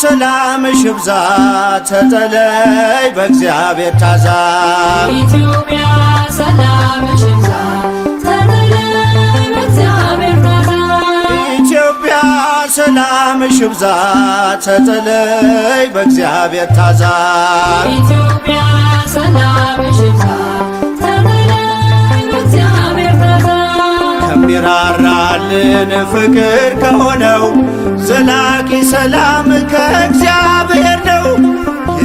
ሰላም ይብዛ ተጠለይ በእግዚአብሔር ታዛ ኢትዮጵያ ሰላምሽ ይብዛ ተጠለይ በእግዚአብሔር ታዛ ኢትዮጵያ ሰላምሽ ይብዛ ከሚራራልን ፍቅር ከሆነው ሰላም ከእግዚአብሔር ነው።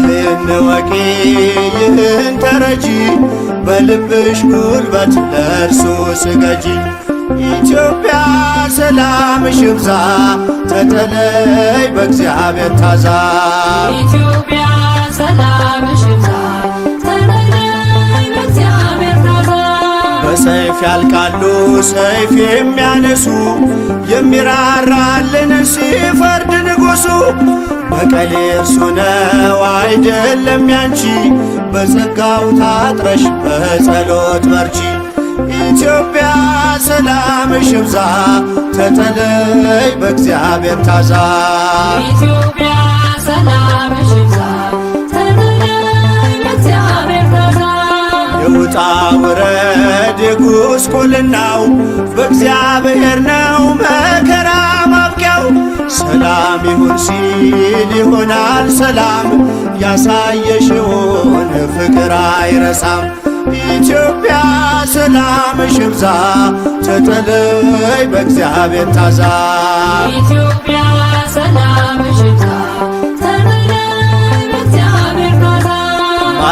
ይህን ወቂ ይህን ተረጂ፣ በልብሽ ጉልበት ለእርሱ ስገጂ። ኢትዮጵያ ሰላም ይብዛ፣ ተጠለይ በእግዚአብሔር ታዛ በሰይፍ ያልቃሉ ሰይፍ የሚያነሱ የሚራራልን ሲፈርድ ንጉሱ በቀሌ እርሱ ነው አይደለም ያንቺ በጸጋው ታጥረሽ በጸሎት በርቺ። ኢትዮጵያ ሰላም ሽብዛ ተተለይ በእግዚአብሔር ታዛ ጉስቁልናው በእግዚአብሔር ነው መከራ ማብቂያው። ሰላም ይሁን ሲል ይሆናል ሰላም ያሳየሽውን ፍቅር አይረሳም። ኢትዮጵያ ሰላም ሽብዛ ተጠለይ በእግዚአብሔር ታዛ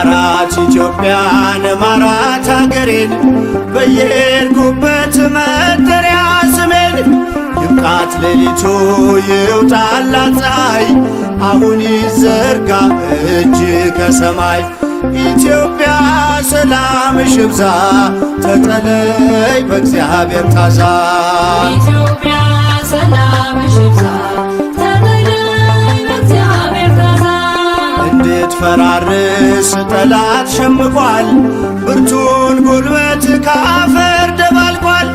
ማራት ኢትዮጵያን ማራት ሀገሬን በየርጉበት መጠሪያ ስሜን ይብቃት ሌሊቱ ይውጣላት ፀሐይ አሁን ይዘርጋ እጅ ከሰማይ ኢትዮጵያ ሰላም ሽብዛ ተጠለይ በእግዚአብሔር ታዛ ሲያስፈራርስ ጠላት ሸምቋል፣ ብርቱን ጉልበት ከአፈር ደባልቋል።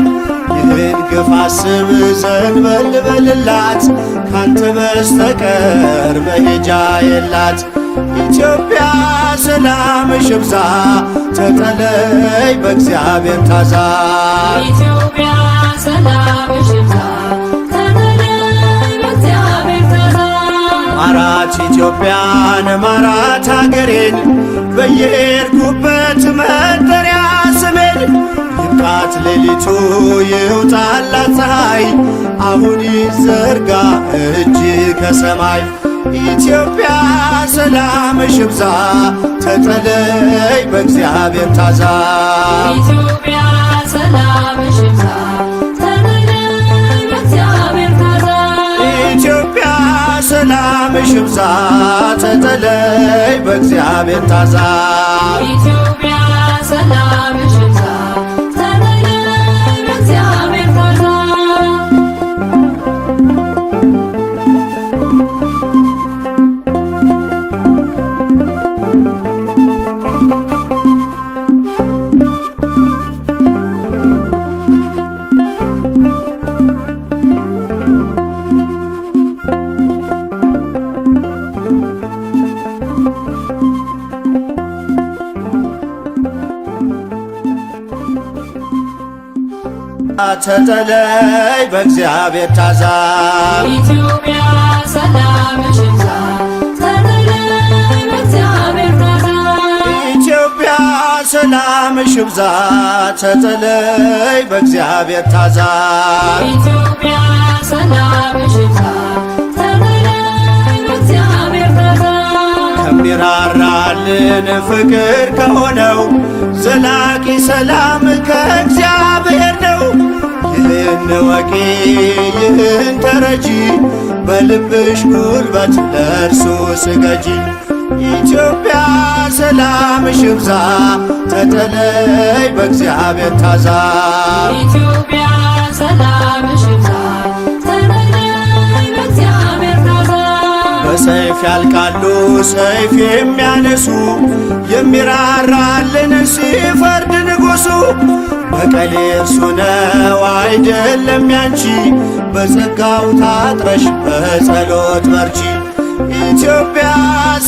ይህን ግፍ አስብ ዘንበል በልላት ካንተ በስተቀር መሄጃ የላት። ኢትዮጵያ ሰላም ይብዛ ተጠለይ በእግዚአብሔር ታዛ ኢትዮጵያን ማራት አገሬን በየሄድኩበት መጠሪያ ስሜን ይብቃት ሌሊቱ ይውጣላት ፀሐይ አሁን ይዘርጋ እጅ ከሰማይ ኢትዮጵያ ሰላም ሽብዛ ተጠለይ በእግዚአብሔር ታዛ ሰላም ይብዛ ተተለይ በእግዚአብሔር ታዛ ተጠለይ በእግዚአብሔር ታዛ ኢትዮጵያ ሰላም ሰላም ሽብዛ ተጠለይ በእግዚአብሔር ታዛ ከሚራራልን ፍቅር ከሆነው ዘላቂ ሰላም ከእግዚአብሔር ነው። ይህን ወቂ ይህን ተረጂ በልብሽ ጉልበት ለእርሱ ስገጂ። ኢትዮጵያ ሰላምሽ ሽብዛ ተጠለይ በእግዚአብሔር ታዛ በሰይፍ ያልቃሉ ሰይፍ የሚያነሱ የሚራራልን ሲፈርድ ንጉሱ በቀል እርሱ ነው አይደለም ያንቺ በጸጋው ታጥረሽ በጸሎት በርቺ ኢትዮጵያ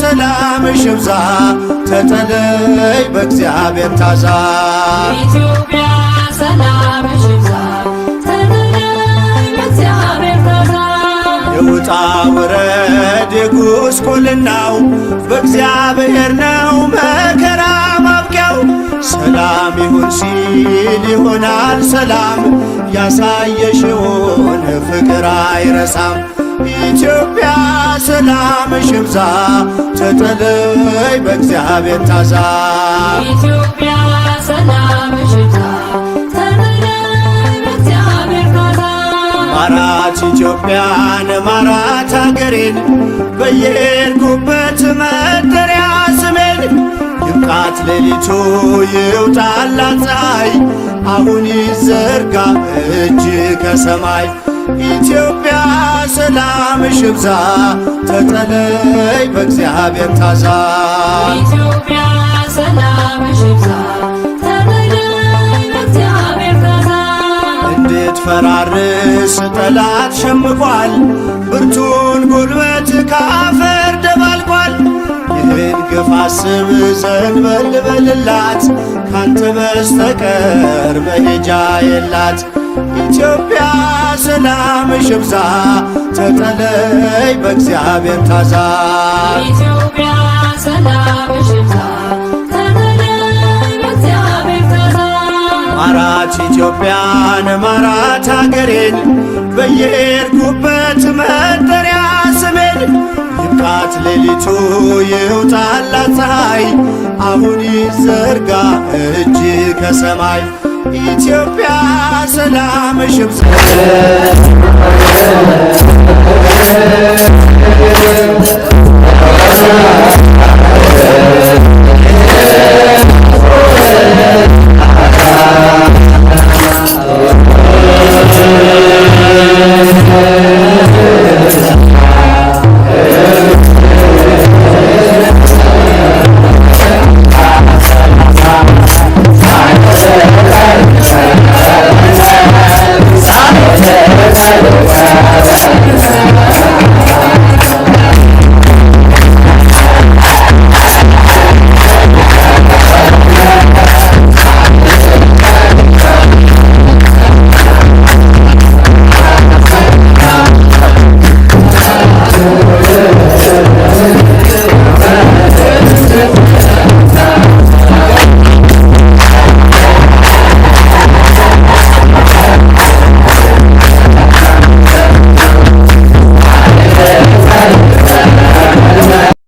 ሰላም ሽብዛ ተጠለይ በእግዚአብሔር ታዛ ኢትዮጵያ ሰላም ሽብዛ ውጣ ውረድ የጉስቁልናው በእግዚአብሔር ነው መከራ ማብቂያው። ሰላም ይሁን ሲል ይሆናል ሰላም ያሳየሽውን ፍቅር አይረሳም። ኢትዮጵያ ሰላም ሽብዛ ተጠለይ በእግዚአብሔር ታዛ ኢትዮጵያ ሰላም ሽብዛ ተጠለይ በእግዚአብሔር ታዛ አራት ኢትዮጵያ ያማራት አገሬን በየሄድኩበት መጠሪያ ስሜን ይብቃት ሌሊቱ ይውጣላት ፀሐይ አሁን ይዘርጋ እጅ ከሰማይ ኢትዮጵያ ሰላም ይብዛ ተጠለይ በእግዚአብሔር ታዛ ኢትዮጵያ ነፍስ ጠላት ሸምቋል፣ ብርቱን ጉልበት ከአፈር ደባልቋል። ይህን ግፍ ስም ዘንድ በልበልላት፣ ካንተ በስተቀር መሄጃ የላት። ኢትዮጵያ ሰላም ይብዛ፣ ተጠለይ በእግዚአብሔር ታዛ ማራት ኢትዮጵያን ማራት አገሬን በየሄድኩበት መጠሪያ ስሜን ይብቃት ሌሊቱ ይውጣላት ፀሐይ አሁን ይዘርጋ እጅ ከሰማይ ኢትዮጵያ ሰላም ሽብሰ